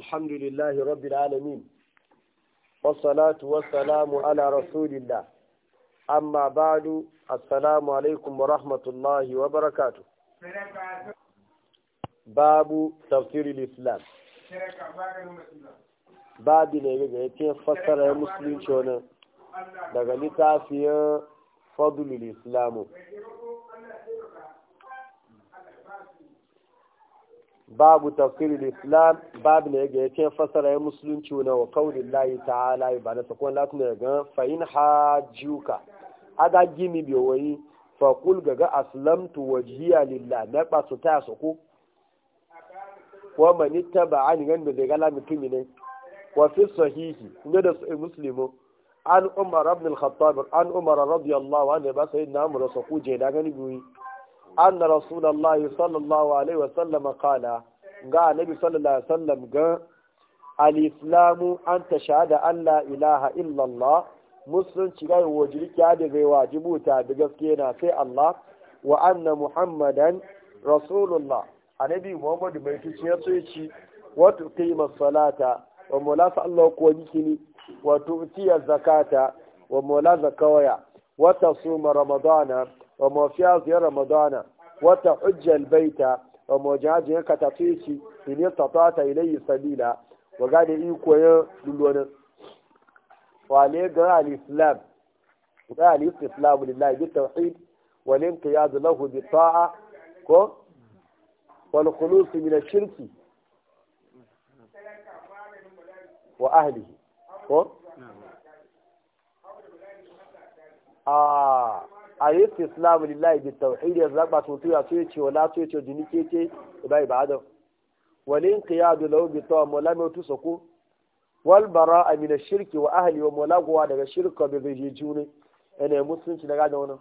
الحمد لله رب العالمين والصلاة والسلام على رسول الله أما بعد السلام عليكم ورحمة الله وبركاته باب تفسير الإسلام باب نيجا يتين فسر المسلم شونا daga littafin fadlul islamu babu tafsir islam babu ne ga yake fasara musulunci na wa kaulin layi ta'ala ba na sakon lati ne ga fa'in hajjuka aga gini bi wayi fa kul gaga aslamtu wajhiya lillah na ba su ta su ko wa man ittaba'ani gan da ga la mutumi ne wa fi sahihi ne da muslimu an umar ibn al-khattab an umar radiyallahu anhu ba sayyidina umar su ku je da gani biyu anna rasulullahi sallallahu alaihi wasallam qala ga nabi sallallahu alaihi wasallam ga al-islamu an tashhada an la ilaha illallah musulunci ga wajirki da bai wajibuta da gaske na sai Allah wa anna muhammadan rasulullah nabi muhammadu mai tuci ya so ci wato tuqima salata wa mulafa Allah ko yikini wato tiya zakata wa mola zakawaya wa tasuma ramadana وما في رمضان وتحج البيت وما جاج يكتفيكي إن استطعت إليه سبيلا وقال إيكو يلون وعليه قال الإسلام قال الإسلام لله بالتوحيد والانقياد له بالطاعة والخلوص من الشرك وأهله ko? Ah. a yi islamu lillahi bi tauhid ya zaɓa su tuya su yi cewa la su yi cewa jini keke ba ibada wani in qiyadu lahu bi tawa mola mai tu sako wal bara amina shirki wa ahli wa mola gowa daga shirka bi zai juni ene musulunci daga da wannan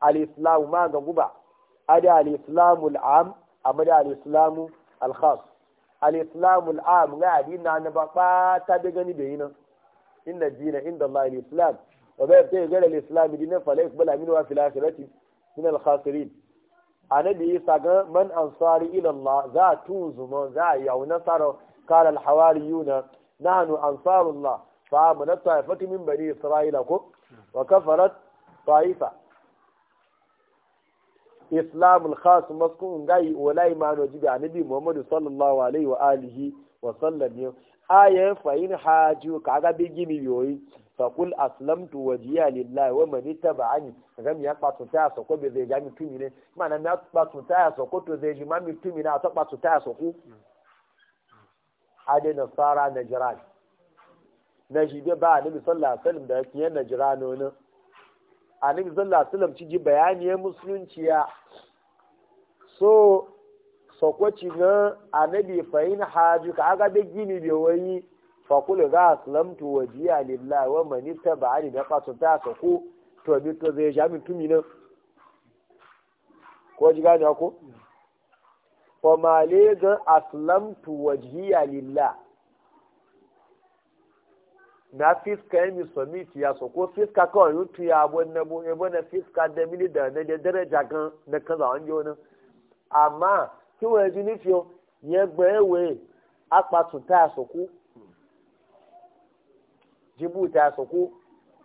al islamu ma ga guba ada al islamu al am amma da alislamu islamu al khas al al am ga adina na ba ta da gani da yinan inna dina inda Allah al islam وما يبتغي غير الإسلام دينا فلا يقبل منه في الآخرة a الخاسرين annabi isa ga man ansari ila Allah za tun zuma za nasarar wa nasara na al hawariyuna nahnu la fa amanat ta'ifatu min bani isra'ila ko wa kafarat ta'ifa islam al khas maskun gai wala imanu jibi annabi muhammadu sallallahu alaihi wa alihi wa sallam ayan fa in ka kaga bi gimi yoyi fakul aslamtu wajiya lillahi wa man ittaba'ani gam ya patu ta taya ko be zai ga mutumi ne mana na patu ta taya ko to zai ji ma mutumi na to patu ta taya soko. ade na fara na jiran na shi be ba annabi sallallahu alaihi wasallam da yake na jirano ne annabi sallallahu alaihi wasallam ci ji bayani musulunci ya so sokoci na annabi fa'in haju ka aga be gini be wayi fakulu za aslamtu wajiya lillahi wa man ittaba'ani da qasu ta ka ko to bi to zai jami tumi nan ko ji gane ko fa male ga aslamtu wajiya lillahi na fiska ya misomiti ya so ko fiska ka yi yutu ya abuwan na bu bo na fiska da mini da na da daraja kan na kaza wani yau amma kí wọ́n ya nífi ọ yẹn gbọ́ ẹ̀wẹ̀ apàtúntà àsọ̀kú jibuta soko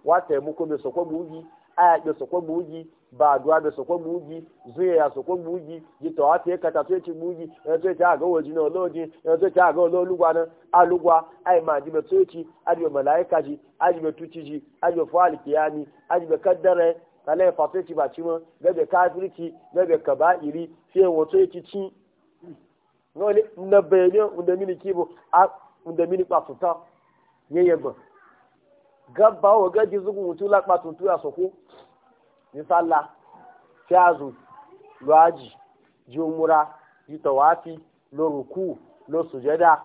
wa taimako mai soko bugi aya bai soko bugi ba duwa bai soko bugi zuya ya soko bugi jita wa ta kata to ci bugi ya to ta ga waji na olojin ya to ta ga ololugwa na alugwa ai ma jibe to ci ajibe malaika ji ajibe tuci ji ajibe fa'al kiyami ajibe kaddara kale fa to ci ba ci ma gabe kafirci gabe kaba'iri sai wato ci ci na bayanyo unda mini kibo a unda mini kwafuta yeyegbon gaba wa gaji zugun mutu lakpa tuntu ya soko ni salla fiazu lo aji ji umura ji tawafi lo ruku lo sujada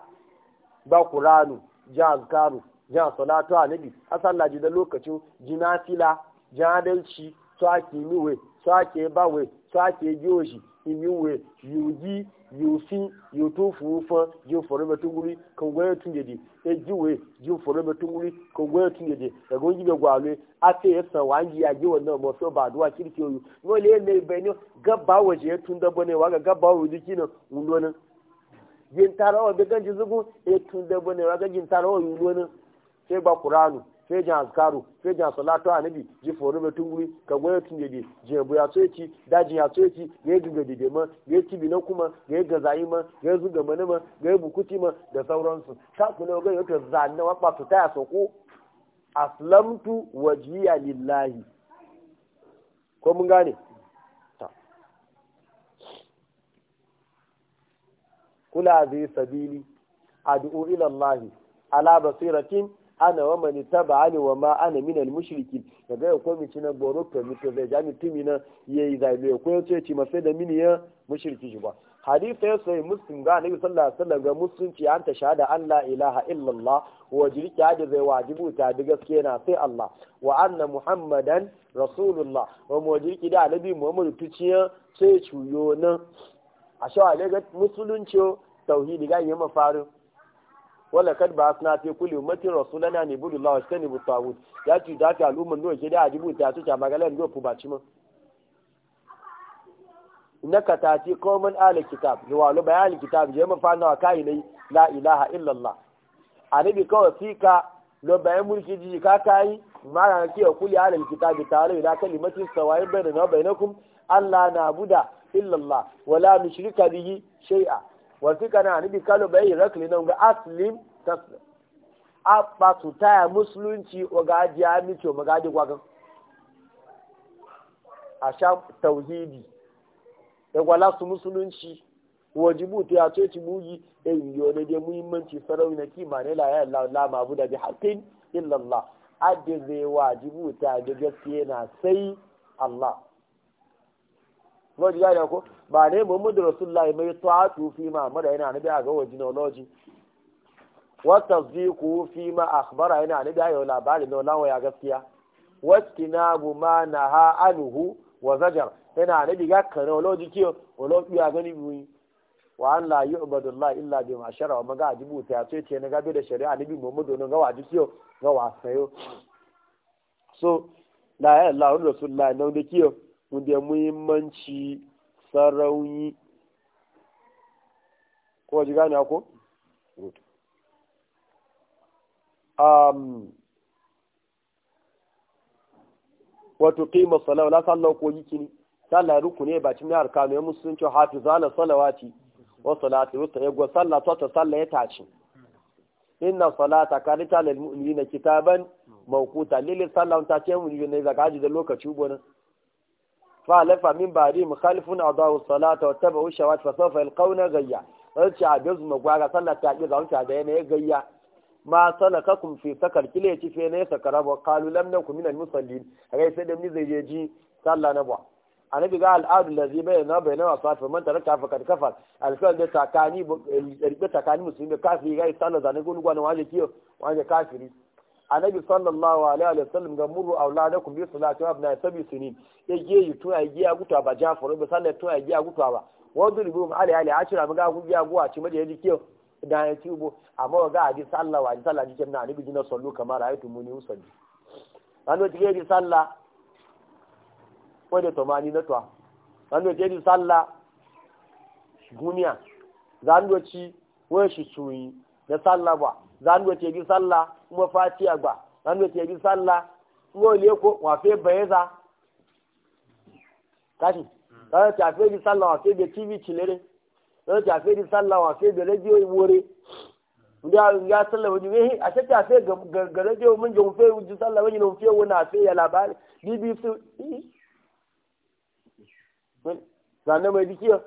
ba qur'anu ji azkaru ji salatu anabi asalla ji da lokacin ji nafila ji so ake miwe so ake bawe so ake joshi imiwe tufu fa ji foro be tunguri kan gwe di e jiwe ji foro be tunguri kan gwe tunjedi e gonji a gwale ate yesa wanji ya ji wannan mo so ba duwa kirki yoyu no na ne be ne tun da bone waga gabba waje kina ulonan o be ganji zugu e tun da bone waga fejin azkaru fejin salatu anabi ji foru mai tunguri ka goya tunjede jebu ya tsoyeci dajin ya tsoyeci ga ya gaga dide ma ga ya cibi na kuma ga ya gazayi ma ga ya zuga mani ma ga ya bukuti ma da sauransu ta kuna ga yi ta zanna wapa su taya soko aslamtu wajiya lillahi ko mun gane kula zai sabili addu'o ilallahi ala basiratin ana wa mani taba ali wa ma ana min al mushriki daga ya komi ci na boro to mi zai jami timina na yayi zabe bai ko ce ci masai da mini ya mushriki shi ba hadisi ya sai muslim ga annabi sallallahu alaihi wasallam ga musulunci an ta shahada an la ilaha illa allah wa jirki hadi zai wajibu ta da gaskiya na sai allah wa anna muhammadan rasulullah wa mu jirki da annabi muhammadu tuciya sai cuyo nan a shawale ga musulunci tauhidi ga yi mafarin wala kad ba asna fi kulli ummatin rasulana ne bulu Allah sani bu tawud ya ci da ta al'umman no ke da ajibu ta su ta magalan do fu baci ma innaka tati qauman ala kitab walu bayan kitab je ma fana ka ne la ilaha illa allah anabi ka wasika lo bayan mulki ji ka kai ki ke kulli ala kitab ta'ala ila kalimatin sawa'in bainana bainakum alla na buda illa allah wala nushrika bihi shay'a wasu kana anibi kalo bai rakli nan ba aslim taslim a ba su taya musulunci o ga ajiya àṣà ma gaji gwagan mùsùlùmí sha tauhidi ya gwala musulunci wajibu ta ya ce bugi ya yi yau da dai muhimmanci sarau na kima ne la ya yi la ma bu da bi haƙin illallah adda zai wajibu ta na sai Allah wani ya ko ba ne muhammadu rasulullahi mai ta'atu fi ma amara yana nabi a ga wajinology wata ziku fi ma akhbara yana nabi a yau labari na lawa ya gaskiya wastina bu ma na ha anuhu wa zajar yana nabi ga kana oloji kiyo oloji ya gani buyi wa an la yu'badu allah illa bi ma shara wa maga ajibu ta ce ce na gabe da shari'a nabi muhammadu ne ga waji kiyo ga wasayo so la ya allah rasulullahi na wanda kiyo da muhimmanci sarauni ko ji gane ko? Um, wato kima salawa na sallar ko yiki ne sallar ruku ne ba cin yar kano ya musulunci hafi zana salawati wa salati wuta ya gwa sallah to ta sallah ya tashi inna salata karita lil mu'minina kitaban mawquta lil sallah ta ce mu ne zakaji da lokaci gona. فالف من بعدي مخالف أضاعوا الصلاة واتبعوا الشهوات فسوف يلقون غيا ارجع بيز مغواغا صلاة تاجي زاو تاجي ne غيا ما سلككم في سكر kile yace fe ne sakara wa qalu lam nakum min al-musallin kai sai da ni zai je ji sallah na ba annabi ga al'adu lazi bai na bai na wasu fa man taraka fa kad kafar alkal da takani rike takani musulmi kafiri ga sallah zanin gulu gwanin waje kiyo waje kafiri annabi sallallahu alaihi wa sallam ga muru auladakum bi salati wa abna sabi sunin ya ge yi to ai giya agutu ba jafar ba sallah to ai giya agutu ba wadul bu ali ali ashira ba ga giya guwa ci maje yaji kiyo da ya ci bo amma ga adi alaihi wa sallam ji kenan annabi jina sallu kamar ayatu muni usalli an wa ji sallah ko da tomani na to an wa ji sallah guniya, zan do ci wa shi suyi da sallah ba zanu ce bi sallah kuma fatiya ba zanu ce bi sallah kuma ole ko wafe bayeza kashi mm. zanu ce afe bi sallah wafe da tv cilere zanu ce afe bi sallah wafe da radio iwore mm. nga ya sallah wani wehi a ce ta afe ga radio mun jin fe ji sallah wani non fe wani afe ya labari bbc zanu mai dikiyo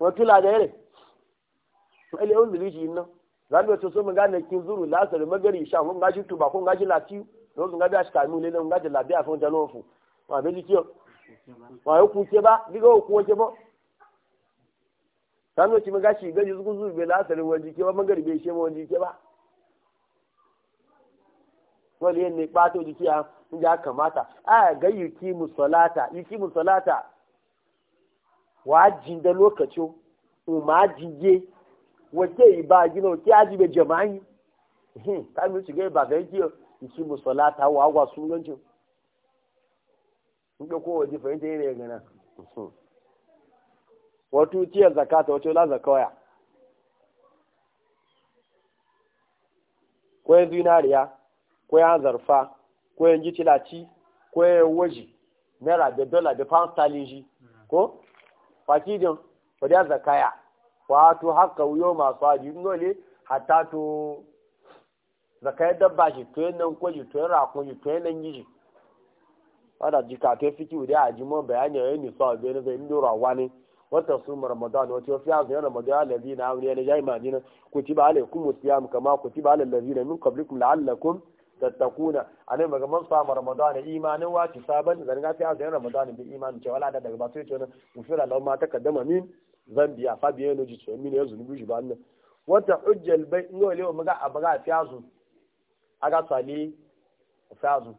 wani tula da yare ele on zuluji nan zan wato so mun ga ne kin zuru lasar magari sha mun gaji tuba kun gaji latiu no mun gaji ashka mu lele mun gaji labiya fon da fu wa be likiyo wa yo ku ke ba diga ku ke ba zan wato mun shi gaji zugu zuru be lasar waji ke ba magari be she waji ke ba wani yin ne ɓato jiki a ya kamata a ga yuki musalata yuki musalata wa jin da lokacin umar jinje wace jẹ́ gino ki aji be jama'i ka mi shiga ba ga ki ki musalata wa wa sunanci inda ko waje fa yadda yake gana wato tiyar zakata wato la zakawaya ko yan zinariya ko zarfa ko yan gicilaci ko waji da dola da pound ko fakidin wadda zakaya wato haka wuyo masu haji nole hata to zaka yi dabba shi to yin nan ko to yin rakun shi to yin nan gishi wadda jika to fiki wuri a jimon bayani yayin nisa a bayan zai ndo rawa ne wata su ramadan wata yau fiya zai ramadan ya lazi na amuriya na jai majina ku ci ba ala siya mu kama ku ci ba ala lazi na min kwabli kuma qablikum la'allakum tattakuna anai maga man sa ramadan imanin wati saban zanga fiya zai ramadan bi imanin cewa ala da daga ba sai ce wannan ufira lahu ma ta kaddama min zambiya fabiyan ji tsohon mini yanzu nubu shi ba nan wata hujjal bai in yau lewa maga a baga a fiyazu a ga tsale a fiyazu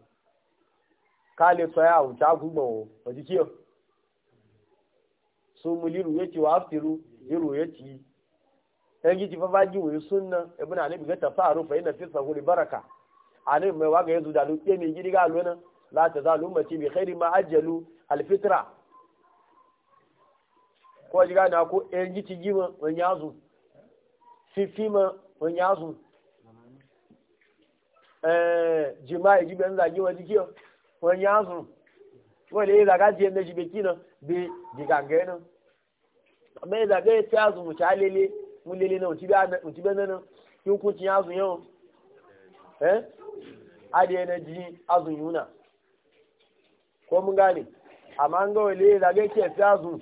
kale tsoya a wuce aguma wa a kiyo sun mu liru ya ci wa aftiru liru ya ci yan gici fa fagi wuyi sunna ibn anabi ga tafaru fa yana fi sahuri baraka anabi mai waga yanzu da lu ke mai gidi ga lona la ta zalu mace bi khairi ma ajjalu al ko ji gane ko ɗayan gici gima wani yazo fifima wani jima jima'i gibe zagi wani kiyo wani yazo wani ya zaga jiyan na jibe kina bi digangai nan amma ya zaga ya ci yazo mu ca lele mu lele na mutu bɛ nan yin kuncin yazo yau eh adiye na ji azun yuna ko mun gane amma an ga wale ya zaga ya ci yazo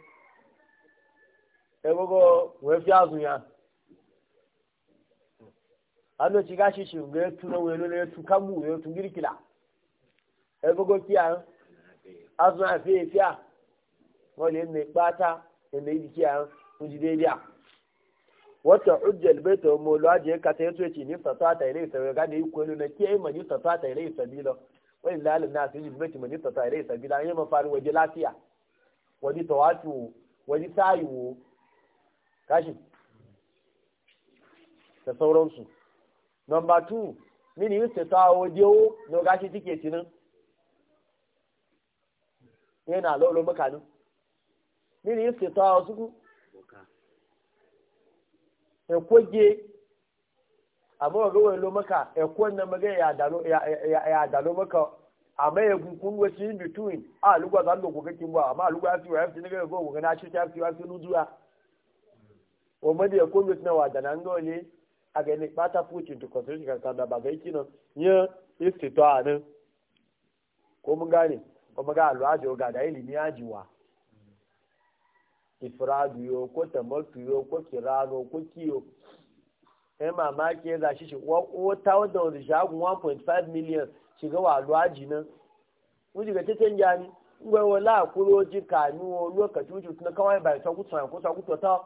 ebogo wee fi azụ ya anochi ga shishi ga etu na wee lele etu kambu wee otu ngiri kila ebogo kia azụ na fi efi a wọle nne kpata nne idi kia njide ebi a wata hujjal baita molo aje ni fata ta ile sai ga da ma ta ile sabila wani lalin na sai baita ma ni fata ile kashi da sauransu number 2 mini yi ta tawo dewo no gashi tike tinin yana lolo makanin mini yi ta tawo suku ekwoge amma ga wani lomaka ekwon na maga ya dalo maka amma ya kunkun wasu in between a lugwa zan lokokacin ba amma lugwa ya fi wa ya fi na ya fi wa ya fi fi wa ya fi o ma da ko mutuna wa da nan gole a ga ne bata fuci to constitution kan kada ba gai kinan ya istito anan ko mun gane ko mun ga alwaji ga da ilimi ajiwa ifradu yo ko tamattu yo ko kirano ko kiyo sai mamaki ya zashi shi wata wadda wanda shagun 1.5 million shiga wa alwaji nan mun shiga ta canja ni ngwai wala kuro ji kanu lokaci wuce na kawai bai ta kusa kusa kusa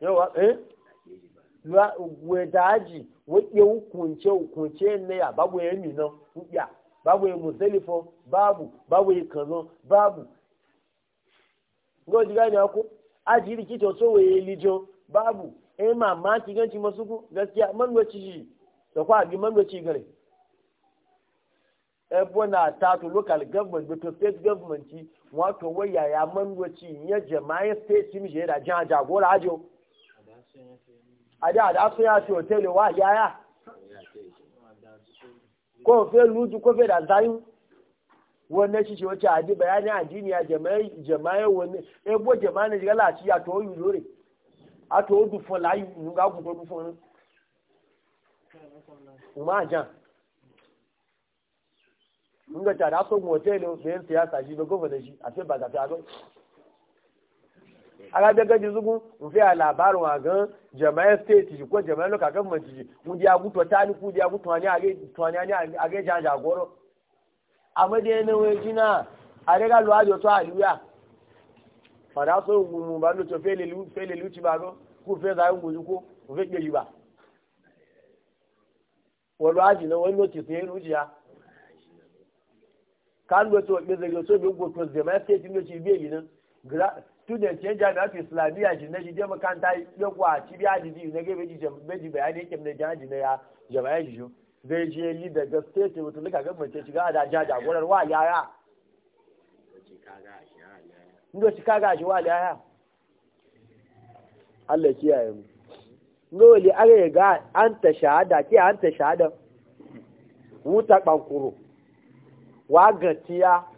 yawa eh wedaji wake hukunce hukunce ne ya babu ya mi nan hujja babu ya musalifo babu babu ya kano babu ngo diga ni aji riki to so we lijo babu eh mama ki ganci masuku gaskiya man wace shi da kwa bi man wace gare ebona ta to local government to state government wato waya ya man wace ya jama'a state mi je da jagora ajo àdá àdáfíà àti òtẹ́lẹ̀ wà yáyà ya. o fẹ́ lùdú kó fẹ́ dàzáyú wọn náà ṣiṣẹ́ ọjà ya ní àdìníyà jẹ̀máyé wọn ní egbó jẹ̀máyé ní ìgbàlá àti àtọ̀ òyìn lórí àtọ̀ òdù fún láyé ìlúgà gùn tó fún un. ìmọ̀ alábẹ́gẹ́ ti sunkún nfẹ́ àlàbárò àgán jẹ̀mẹ́ stéètì kó jẹ̀mẹ́ lọ́kà gẹ́fùmẹ̀ntì jì ń di agútọ̀ tání kú di agútọ̀ ní agẹ́jàjà àgọ́rọ̀ amẹ́dẹ́ ẹni wọn jí náà adẹ́gà lọ àjọ tó àlúyà fàdá sọ ògùn mu bá lóto fẹ́lẹ̀ lùtì bá lọ kú fẹ́ sáré ń gbòjú kó òfẹ́ gbé yìí wọ́n lọ àjì náà wọ́n lọ tì sí ẹnu jìyà káńgbẹ́sọ̀ gbèsè yóò tó bí gbòtò jẹ̀mẹ́ stéètì ló ti bí èyí student yan jami'at islamiyya shi na jide makanta ya kwa ci biya jiji na gaibe ji jambeji bayani yake na jaji na ya jama'a jiju zai je yi daga state mutum duka gagbance shiga da ja jagorar wa yaya ndo shi kaga shi wa yaya Allah kiyaye mu ndo li are ga an ta shahada ke an ta sh'aada. wuta bankuro wa gatiya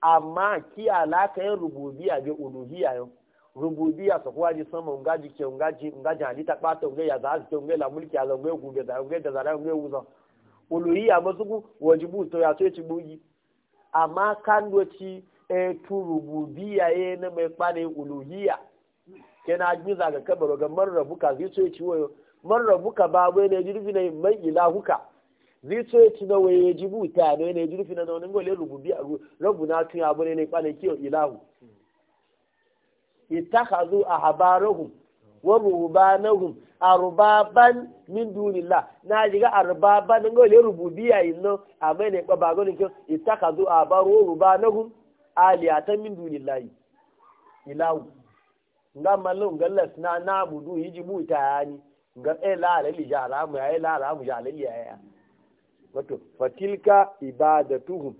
amma ki alaka yin rububiya bi uluhiya yau rububiya su kuwa ji sama unga ji ke unga ji unga ji halitta ɓata nga ya za su ke unge la mulki ala nga gube da nga da zara nga wuza uluhiya masu ku wajibu to ya so ci bugi amma kan doci e tu rububiya ye na mai kpane uluhiya kena ji zaga kabaro ga man rabuka zai so ci wayo man rabuka ba bai ne jirbi ne mai ilahuka ya ci na waye buta ta ne ya ji rufi na wani gole rububi a rubu na tun ya bane ne kwanan kiyon ilahu ita ka zo a habarahun wa rubanahun a rubaban min dunila na jiga na gole rububi a yi rububiya a mai ne kwaba gole kiyon ita ka zo a ittakhadhu ahbaru rubanahum aliyatan min dunila yi ilahu ngamma lo ngallas na na yi nabudu yijibu ta yani ga ila eh, alali jara mu ya ila eh, alamu jara ya wato fatilka ibadatuhum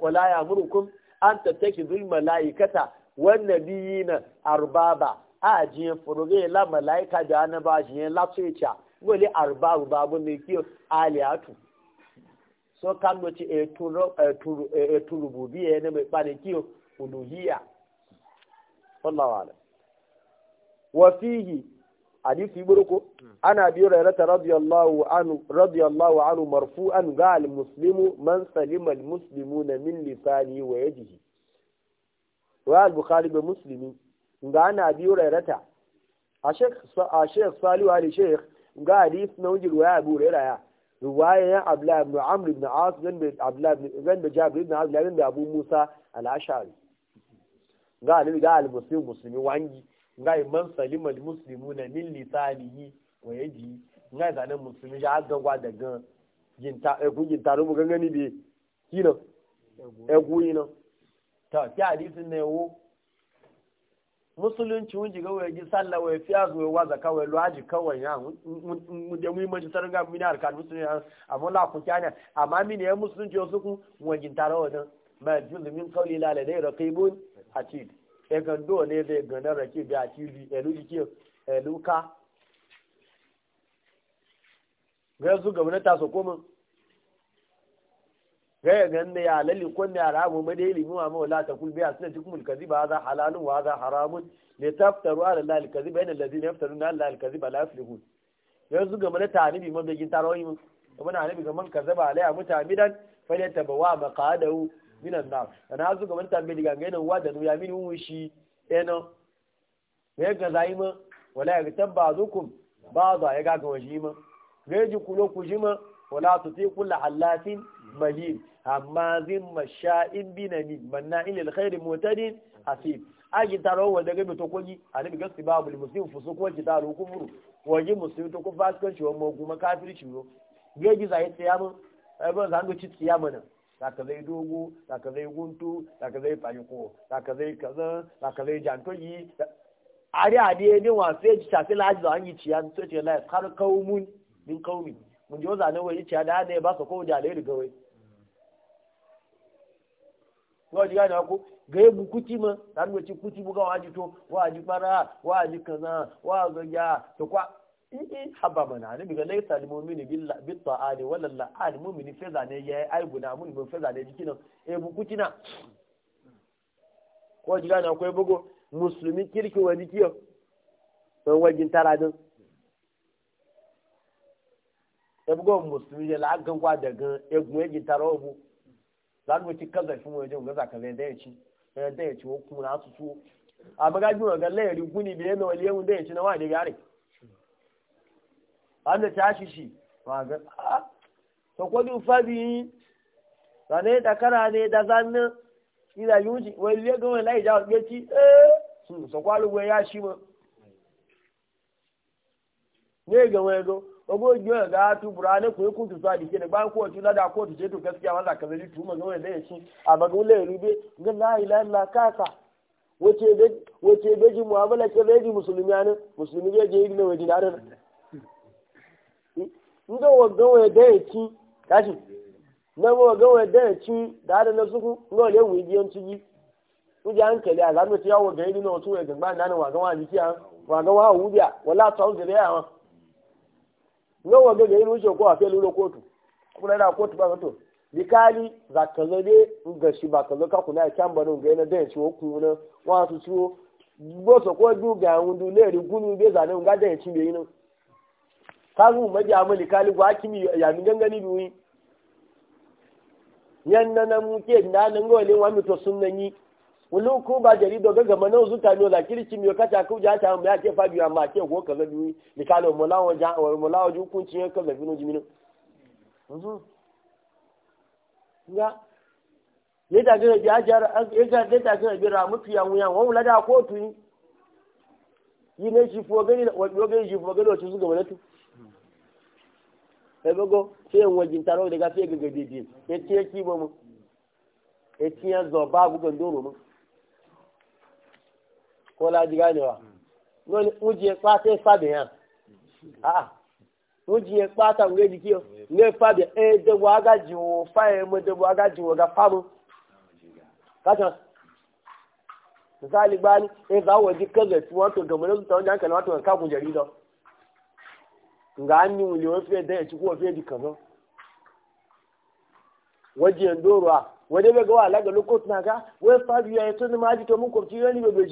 wala ya'murukum an tattakhidul malaikata wan nabiyina arbaba a furuge la malaika da ba jiyan la tsecha wali arbabu babu ne ki aliatu so kan wace e turo e turo e turububiye ne mai bane kiyo uluhiyya wallahu a'lam wa fihi hadisi burko hmm. ana biyo rairata radiyallahu anhu radiyallahu anhu marfu'an ga muslimu man salima al-muslimuna min lisani wa yadihi wa al-bukhari bi muslimi ga ana biyo rairata a sheikh a sheikh salih ali sheikh ga hadis na wajin wa abu rairaya ruwaya abla ibn amr ibn as ibn abla ibn jabir ibn abla ibn abu musa al-ashari ga ali ga al muslimu muslimi wangi ngai man salima al muslimuna min lisanihi wa yadihi ngai nan musulmi ja ga gwa da gan jinta e ku jinta rubu gangani bi kino e ku yino ta ti hadisin ne wo musulunci wunji ga waye sallah wa fi zuwa wa zaka waye luwaji kawai ya mu da muhimmanci sarin ga mini arkan musulunci amma la ku kyana amma mini ya musulunci su ku wajin tarawa dan ma juzu min qawli la la dai raqibun atid egan do ne zai gana rake ga tv elu ike elu ka ga yanzu gwamnata su koma ga ya ganna ya lalli kun ne haramu ma dai limu ma wala ta kul biya sunan tikumul kadhiba za, halalun wa za, haramun li taftaru ala allahi alkadhiba inna alladhina yaftaruna ala allahi alkadhiba la yuflihun yanzu gwamnata ne bi mabegin tarawi mun wani hanabi ga man kazaba alaiya mutamidan falyatabawa maqadahu minan na na hazu ga wani tambayi daga ganin wa da nuya min mun shi eno eh, ne ga ma wala ya tabba zukum za ya ga ga ne ku kulo ma wala sai kullu halatin mahim amma zin masha'in binani manna ilal khairi mutadin asib aji taro wa daga bi to koji anabi gasti babu muslim ko ji taro kufuru waji muslim to ku fasikan shi wa mu kuma kafirci yo gaji zai tsaya mun ai ban zan ga ci tsaya nan zaka zai dogo zaka zai guntu zaka zai fanyiko zaka zai kaza zaka zai jantoyi ari ade ne wa sai ji tafi laji da hanyi ciya to ce la har kaumun min kaumi mun ji wazana wani ciya da ne ba ka ko da lai daga wai to ji gane ko "Gai bu kuti ma dan ci kuti ga waji to waji fara waji kaza wa ga to kwa ee eh, eh, haba mana annabi ga laisa lil mu'mini bil ta'ani wala la al mu'mini fa zane yayi ai guda mun mun fa zane jikin e bu kutina ko jiga na koy bugo musulmi kirki wani kiyo don wajin taradin e bugo musulmi da la gan kwa da gan e gun e gitara obu lan mu ci kaza shi mu je ga zaka zai da ya ci da ya ci ko kuma na su su amma ga ju ga lairi guni biye no lewu da ya ci na wani da gare wanda ta shi shi waga a to kwani fabi zane da kara ne da zanne ila yuji wai le ga wala ija ga ci eh so kwalu ya shi ma ne ga wani go ogo jo ga tu burane ko ku tu sadi ke ba ko tu lada ko tu je to gaskiya wala ka zali tu ma ga da shi amma ga wala rube ga la ilaha illa kaka wace be wace be ji mu'amala ke be ji musulmi ne musulmi je je ibn wajin adan ndị owogowe edechi kachi ndị owogowe edechi daadị n'osukwu ndị ole enwe iji ntụ gị ụdị a nkele a ga ya owogo iri n'otu wee gagba ndị anụ wagawa ya wagawa ahụ ubi a wala atọ nzere ha ndị owogo ga-iri uche okwu ọfịa lụrụ kwotu akwụna da kwotu ba to bikali za ka zo na ga shi ba na zo na ga àwọn ọdún lẹ́ẹ̀rí kazu maji amali kali gwa kimi ya mi gangani duwi yan na na muke na nan le wa mi to sunnan yi wulu ko ba jari do gaga na su ta lola kirki na kata ku ja ta mu ya ke fabi amma ke ko kaza duwi ni kala mu lawo ja wa mu lawo ju kun cin kaza binu jiminu ya ya da ga ja jar ya da ta ga bi ra ya wa da yi ne shi fo wa shi fo su ga ebogo sai yin wajen taro da gafi ga gadidi ya ciye kibo mu ya zo ba gugan doro mu ko laji ganewa wani fa kwata ya fabe ya a ujiye kwata nwe jiki ne fa fabe e debo aga jiwo faye mu debo aga jiwo ga famu kacha misali gbani e za waje kaga tuwato gamar su ta wajen hankali wato ka kun jarido nga anyi wuli wo fiye dan ci ko fiye di kazo waje ndoro a waje be ga wala na ga wee fa ya tun ma maji to mun ko ci be be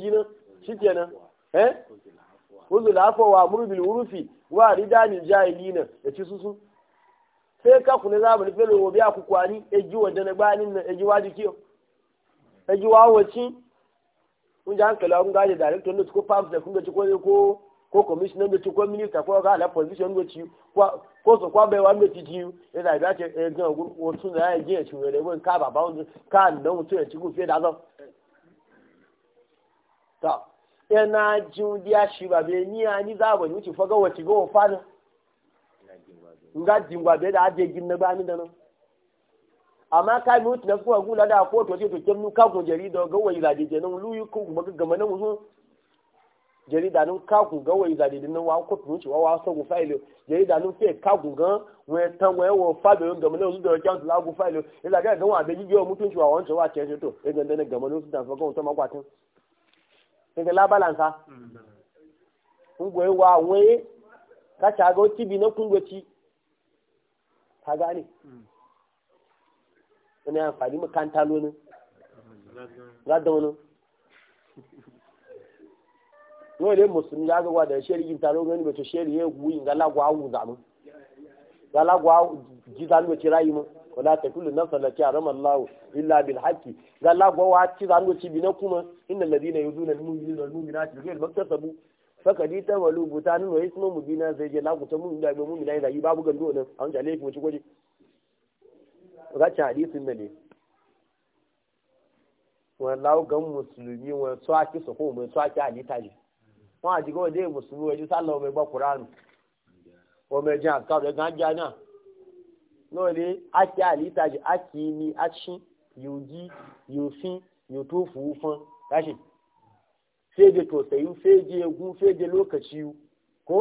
na e. eh afọ wa wa murbil urufi wa ridani anyị ya ci susu sai ka za fere e ji waje na gbanin na e ji waji kiyo e ji wawaci kun ji hankali kun gaje director ne ko ko commissioner da ko minister ko ga ala position go ci ko so kwa be wan go ji e da ga ce e ga o tun da ya e je ci wele gun ka ba ba ka no to e ku fe da zo ta e na jun dia shi ba be ni ani za ba ni fa ga wati go fa da. nga jingwa be da je gin na ba ni da no amma ka mi wuti na kuwa gula da ko to ce to kemnu ka ko jari ga wai la je nan luyu ko kuma ga mana mu jarida nun kagun gan wai zade din nan wa ko tun ci wa wa so gun jarida nun fe kagun gan wen tan wen wo fa be ngam le uzudo la gun file ila ga gan wa be ji yo mutun ci wa won wa tiyan to e gan dene gam lo sudan fo gan to ma kwa tin wa we ka cha go ti bi na kun ka gane ina amfani makanta lonin gadon musulmi ya mùsùlùmí lágbàgbà dẹ̀ ṣẹ́rí yìí tàbí ọgbẹ́ni bẹ̀tọ̀ ṣẹ́rí yẹn wù yìí galágbà áwù dànù galágbà jíza ní bẹ̀tẹ̀ ráyìí mọ́ ọ̀la tẹ̀kùlù náà sọ̀lẹ̀ kí àrọ́mọ láwù ilá illa hákì galágbà wa tíza ní bẹ̀tẹ̀ bìnà kúmọ́ iná lẹ́bí náà yóò dúnà nínú yìí lọ nínú náà tìrìkẹ́ lọ́ tẹ̀sọ̀bù fakadi ta walu buta nuna yi mubina zai je lakuta mun da ga mumina yana yi babu gando nan an jale ki wuce gwaji hadisin ne wallahu gan musulmi wa tsaki su ko tsaki wọn àti kó dé mùsùlùmí ojú sálọ ọmọ ẹgbọ́ kuranu ọmọ ẹjẹ àkàrọ ẹgbẹ́ ajá náà náà lé àti àlítàjì àti ní àṣì yóò jí yóò fín yóò tó fòó fún káṣí fèjì tòṣèyí fèjì egun fèjì lókàṣí kó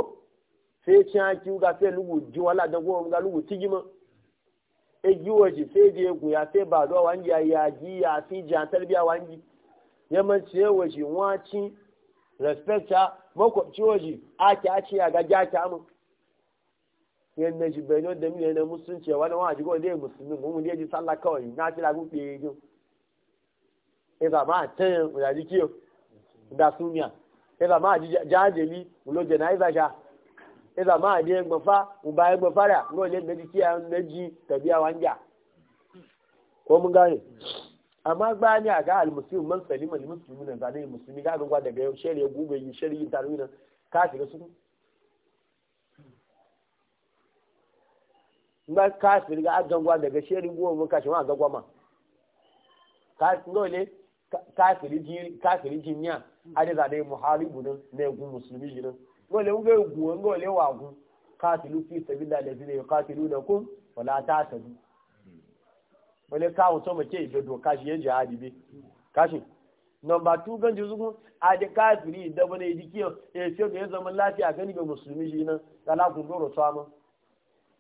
fèjì àti wúgà fẹ́ lùwò jí wọn ládàgbò wọn lùwò tíjì mọ́ egi waje fèjì egun yà fẹ́ bàdọ́ wáńjì àyà jí yà fíjì àtẹ́lẹ́bíà wáńjì yẹmọ̀ tiẹ̀ waje wọ́n á tí. respect ya makwabci waje ake ake ya gaji ake amin yan na jibani da mini na musulunci wani wani jigo da ya musulmi mun da ji sallah kawai na ci lagun ɓeye yi e ba ma ta yin da ji da sumiya e ba ma ji jajeli ulo janaiza sha e ba ma ji gbafa uba ya gbafa da na ji tabiya wanja ko mun gane amma ba a ga almuslimin man salima al muslimin da zane musulmi ga ga daga yau shari'a gobe yi shari'in tarwina ka shiga su ba ka shiga a gangwa daga shari'in gobe mun kashi ma gangwa ma ka ngole kafiri ji kafiri jinya ade da dai muharibu ne ne gun musulmi ne ngole ngole gun ngole wa gun qatilu fi sabilillahi allazina yuqatilunakum wala ta'tadu Wani kawo to mace da doka shi ya jihadi bi kashin number two gan jizugun a da kafiri da bane dikiyo e ya ce ga zama lafiya gani ga musulmi shi nan kala kun doro tsama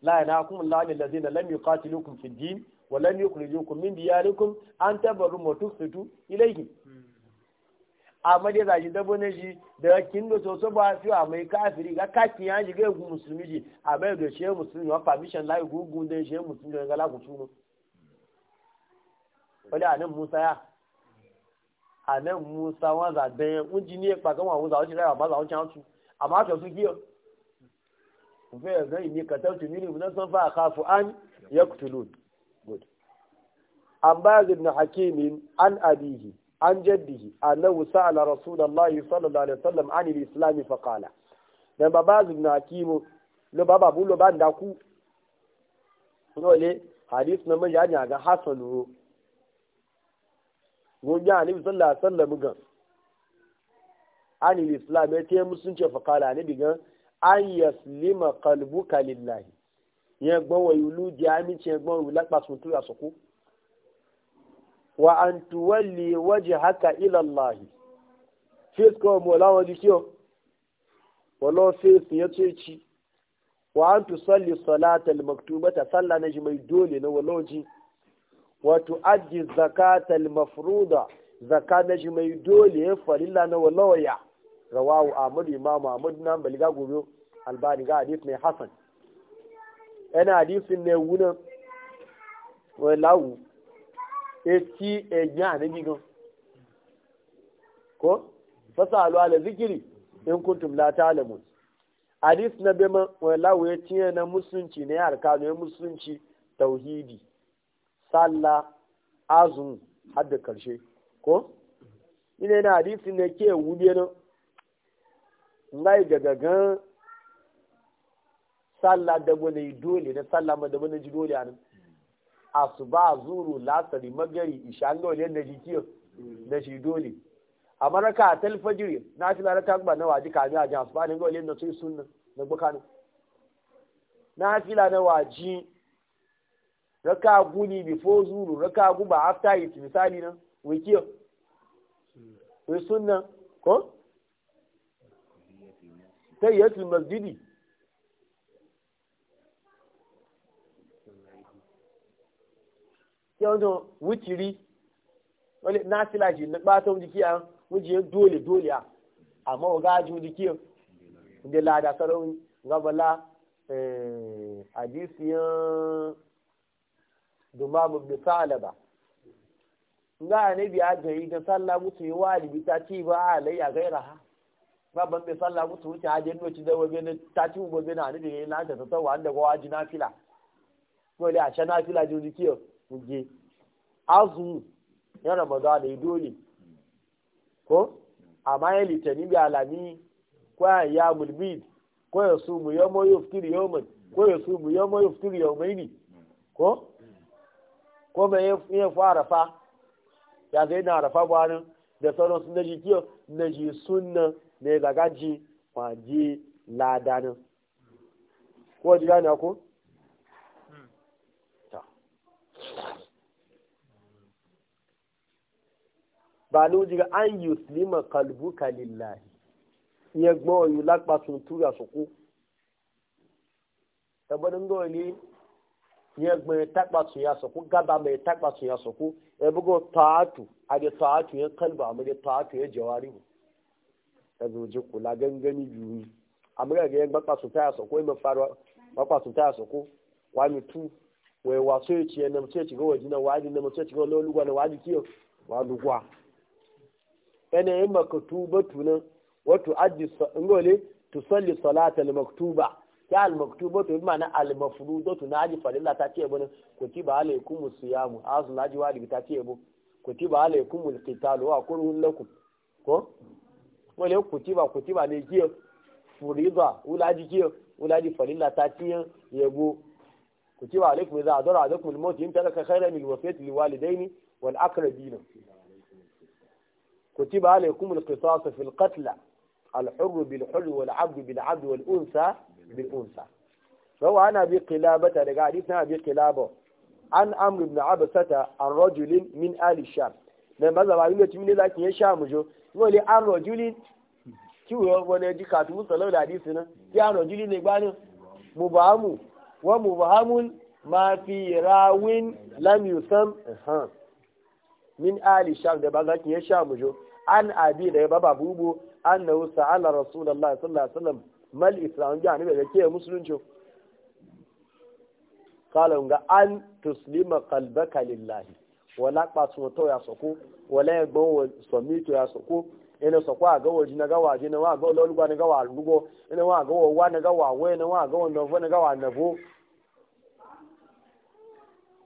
la yanakum allahu allazina lam yuqatilukum fid din wa lam yukhrijukum min diyarikum an tabarru wa tuqsitu ilayhi amma dai zaji da bane shi da kin da soso ba fi a mai kafiri ga kaki ya ji ga musulmi ji a mai da shi musulmi wa permission la gugu da shi musulmi ga la ku tuno wani a nan musa ya a nan musa wọn zaɓe wunji ipa kan wọn wuza wuce rayuwa ba za wuce hansu su giyo kufe ya zai ne ka an ya an na hakimin an abihi an sallallahu alaihi wasallam an al-islam fa qala dan ba zai na lo baba bu lo ba ndaku dole hadith na manja ga hasan ro gonya annabi sallallahu alaihi wasallam ga anil islam ya ce musunci fa kala annabi gan. an yaslima qalbuka lillahi yẹn gbọ́n wọ ìlú jẹ́ àmì tí yẹn gbọ́n wọ lápasùn tó yàsọ̀kú wa an tuwalli wajhaka ila allahi face kọ́ ọmọ láwọn di kí ọ wọlọ́ face ya ce ci wa an tusalli salata al-maktubata sallah na ji mai dole na wọlọ́ wato aji zakatal mafruda zaka na shi mai dole ya farilla na walawaya rawahu amadu imamu amadu na baliga gobe albani ga hadith mai hasan yana hadithin ne wuna walahu eti enya anabi gan ko fasa alwala zikiri in kuntum la ta'lamun hadith na bema walahu ya tiye na musulunci ne alkanu ya musulunci tauhidi salla azun har da karshe ko ina yana hadisi ne ke wuɗe na ngai daga gan salla da wani dole na salla ma da wani ji dole anan asuba zuru lasari magari isha an gawa na ji kiyo na shi dole a maraka a talfajiri na fi laraka ba na waji kami a jihar asuba ne gawa na sai sunna na bukanu na fila na waji raka guni before zuru raka guba after it misali nan wai kiyo wai sunna ko sai tayyatul masjidi sai wani wuciri wani na sila na ɓata wani kiya wujiyar dole dole a amma wa gaji wani kiya da lada sarau gabala eh, hadisiyan dumamu bi salaba nga ne bi agari da sallah mutu yi walibi ta ci ba a alai a gaira ha ba ban bi sallah mutu wuce a jendo ci da wabe ne ta ci ubo bena ne bi na ta ta wa da gwa ji nafila ko le a sha nafila ji ji kiyo muje azu ya ramadan yi dole ko amma ya litani bi alami ko ya mulbid ko ya sumu yawmo yuftiri yawman ko ya sumu yawmo yuftiri yawmaini ko ko bai iya fara fa ya zai na rafa gwanin da sauran sun naji kiyo naji sunnan ne gagaji kwaje ladanin ko ji gane ko ba ni ji ga an yuslima qalbuka lillahi ye gbọ́ oyin lápá tuntun yasoko ẹgbẹ́ ní ń dọ̀ ya gbe takba su ya soko e gaba mai takba su ya soko ya ta'atu a da ta'atu ye kalba mu da ta'atu ye jawari e mu ta zoje kula gangani biyu amma ga yan su ta ya soko e mai faro bakwa su ta ya soko wa mi tu wai wa so ya ci na mu ce ci wa adi waji na mu ce ci ga lolugwa na waji kiyo wa lugwa ene yin maktuba tunan wato ajji sali tusalli salatal maktuba ya almaktubatu bi ma'ana almafrudatu na aji farilla ta ce bu kutiba alaykum siyamu azu na aji wajibi ta ce bu kutiba alaykum alqitalu wa kurhun lakum ko wale kutiba kutiba ne kiyo furida ulaji kiyo ulaji farilla ta ce yabo kutiba alaykum idza adara alaykum almaut in taraka khayran alwasiyati liwalidaini wal aqrabina kutiba alaykum alqisas fi alqatl الحر بالحر والعبد بالعبد والأنثى bi unta so wa ana bi daga hadith na bi qilabo an amru ibn abasata an rajulin min ali sham na maza ba ile timi la kiyan shamujo won le an rajulin ki wo wona di ka tu musalla da hadith na ki an rajulin le gbanu mubahamu wa mubahamun ma fi rawin lam yusam ha min ali sham da ba kiyan an abi da baba bubu annahu sa'ala rasulullahi sallallahu alaihi wasallam mal islam ji hannu daga ke musulunci kala nga an tuslima kalbaka lillahi wala kpasu to ya soko wala ya gbon somi to ya soko ina soko a gawa ji na gawa ji na wa gawa lolugwa na gawa lugo ina wa gawa wa na gawa wa na wa gawa nofo na gawa nofo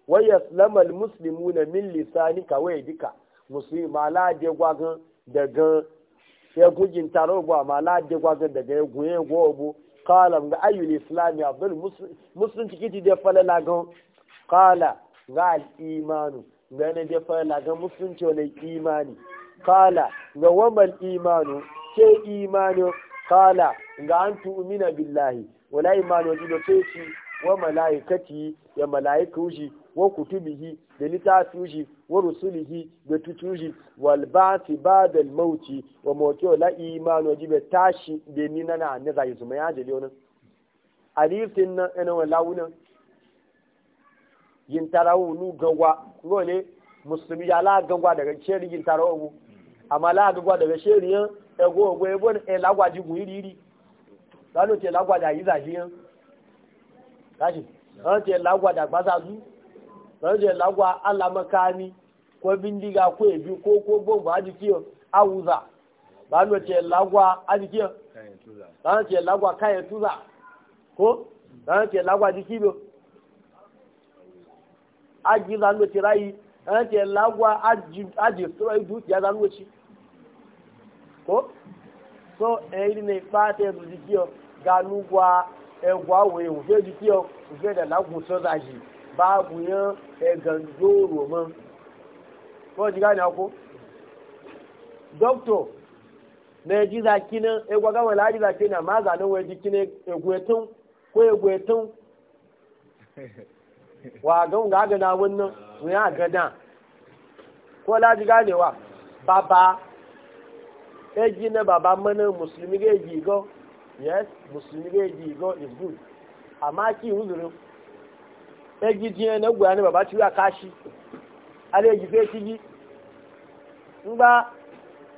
wa yaslama almuslimuna min lisanika wa yadika musulma la je gwagan gan. ya gujin taro gwa ma laje gwa ga daga ya guye gwa bu qala ga ayyul islami abdul muslim tikiti da fala la ga qala ga al imanu ga ne da fala la ga to wala imani qala ga wamal imanu ke imani qala ga antu tu'mina billahi wala imanu jido ce wa malaikati ya malaiku shi wa kutubihi da littafi shi wa rusulihi da tutuji wal ba'thi ba'da al mauti wa mawqi'u la iman wa jibe tashi da ni na na ne zai zuma ya jeli wannan alifin na ina wani wuna yin tarawu nu gangwa ne musulmi ya la gangwa daga sheri yin tarawu amma la gangwa daga sheri yan ego ogo ebo e lagwaji gun iri iri lanu te lagwaji ayi zaji yan kaji an te lagwaji agbaza zu rajin lagwa ala makami ko bindiga ko ebi ko ko awuza ba ni wace lagwa a jiki ba lagwa ko lagwa jiki biyo a ji za ni wace rayi ba ni wace lagwa a ji tsirai dukiya ko so eyi ne fata yanzu jiki ga egwa wo ewu fe o babu yan egando roman wọ́n ti gane ako doctor na ji zaki nan egwa gama la ji zaki na maza nan wai jiki ne egwetun ko egwetun wa ga ga ga na wannan mu ya ga ko la ji gane wa baba eji na baba mana musulmi ga eji go yes musulmi ga eji go is good amma ki uzurin egi jiyan na gwa ne baba ciwa kashi ale gi fe tigi ngba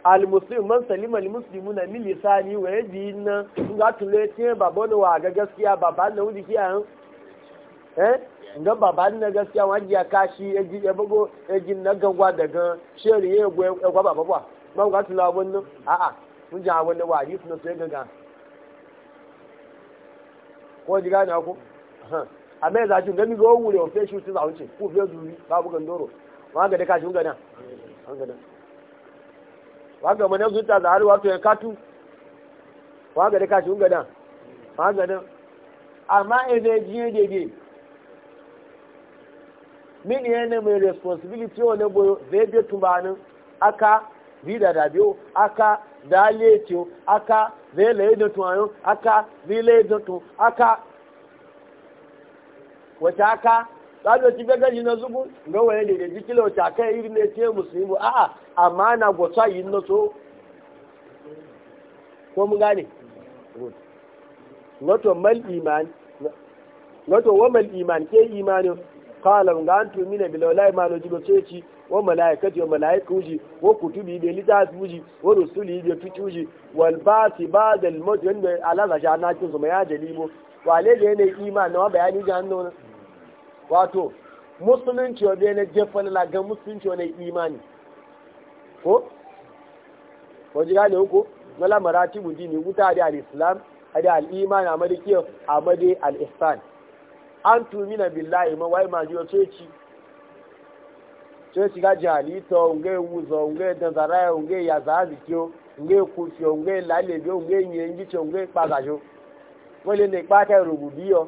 al muslim man salima al muslimuna min lisani wa yadi na nga tule tiyan baba no wa ga gaskiya baba na wudi kiya eh nga baba na gaskiya wa ji kashi e bago daga sheri ye gwe e gwa baba a amma yanzu ajin gami gowon wuri ofe shi su zaunce ku fiye zuri babu gandoro ma ga da kashi gana an wa ga mana zuta da har wa ga da kashi gana ma gana amma ebe jiye dege min yana mai responsibility wani boyo zai biya tubanin aka vida da biyo aka da aka zai laye da tuwayo aka aka wace haka tsado ci gagaji na zubu ga waye ne da jikila wace haka irin ne ce a a'a amma na gwata yin na so ko mun gane wato mal iman wato wa mal iman ke imanin qala mun ga antu mina bil wallahi ma loji jibo ceci wa malaikatu wa malaiku ji wa kutubi da lita ji wa rusuli da tuci wal basi ba'da al mawt ala zajana kin zuma ya jalibo wale da ne iman na bayani jahannama wato musulunci wanda na jefa na lagan musulunci ya imani ko wajen gane uku wala marati mu ne wuta da al-islam da al-iman a madaki a madai al-ihsan an na billahi ma wai ma jiyo ceci ceci ga jalito unge wuzo nge danzara unge ya zazi kyo nge kufyo nge lalebyo nge nyengi cho kpagajo pagajo wale ne kpata rububiyo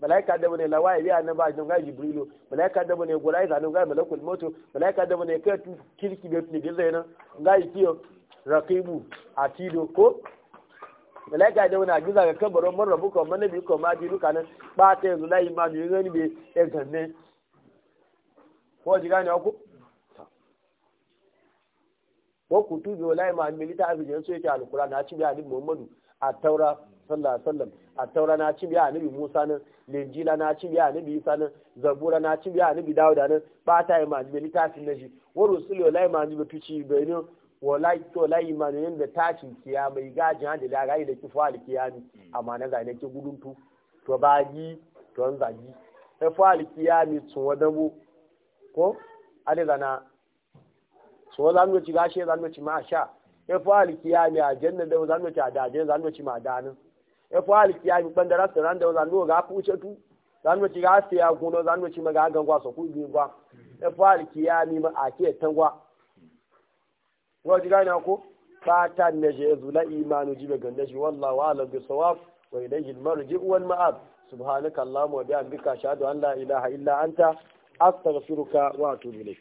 malaika da bane lawaye biya na ba jin ga jibrilu malaika da bane gura ga ga malakul moto malaika da bane kai kirki be ni da zaina ga kiyo raqibu atido ko malaika da wani agiza ga kabarin mun rabu ko manabi ko ma ji duka nan ba ta yanzu layi ma ji gani be e ganne ko gane ku ko ma milita so yake alqur'ani a ci bi ali muhammadu a taura sallallahu alaihi wasallam a taura na cin biya annabi musa nan linjila na cin biya annabi isa nan zabura na cin biya annabi dawuda nan bata ya majibe tafin na shi wa rusuli wala majibe tuci bayanin wala to la imanin da tashin kiya mai gajin hadi da gaji da kifa da kiyami amma na zane ke gudun tu to yi to an zagi sai e fa al kiyami tun wadabu ko ale zana so zan ci gashi zan ci ma sha sai fa al kiyami a janna da zan ci a dajin zan ci ma danin ya fi ya yi bandara su ran da wa zanuwa ga fi wuce tu zanuwa ci ga su ya kuno zanuwa ci ma ga gan su ku biyu gwa ya fi halitta ya mi ma a ke tan gwa wa ji gani ko fata na je zula imanu jibe ganda shi wallahu alam bi sawab wa ilayhi al-marji wal ma'ab subhanaka allahumma wa bihamdika ashhadu an la ilaha illa anta astaghfiruka wa atubu ilayk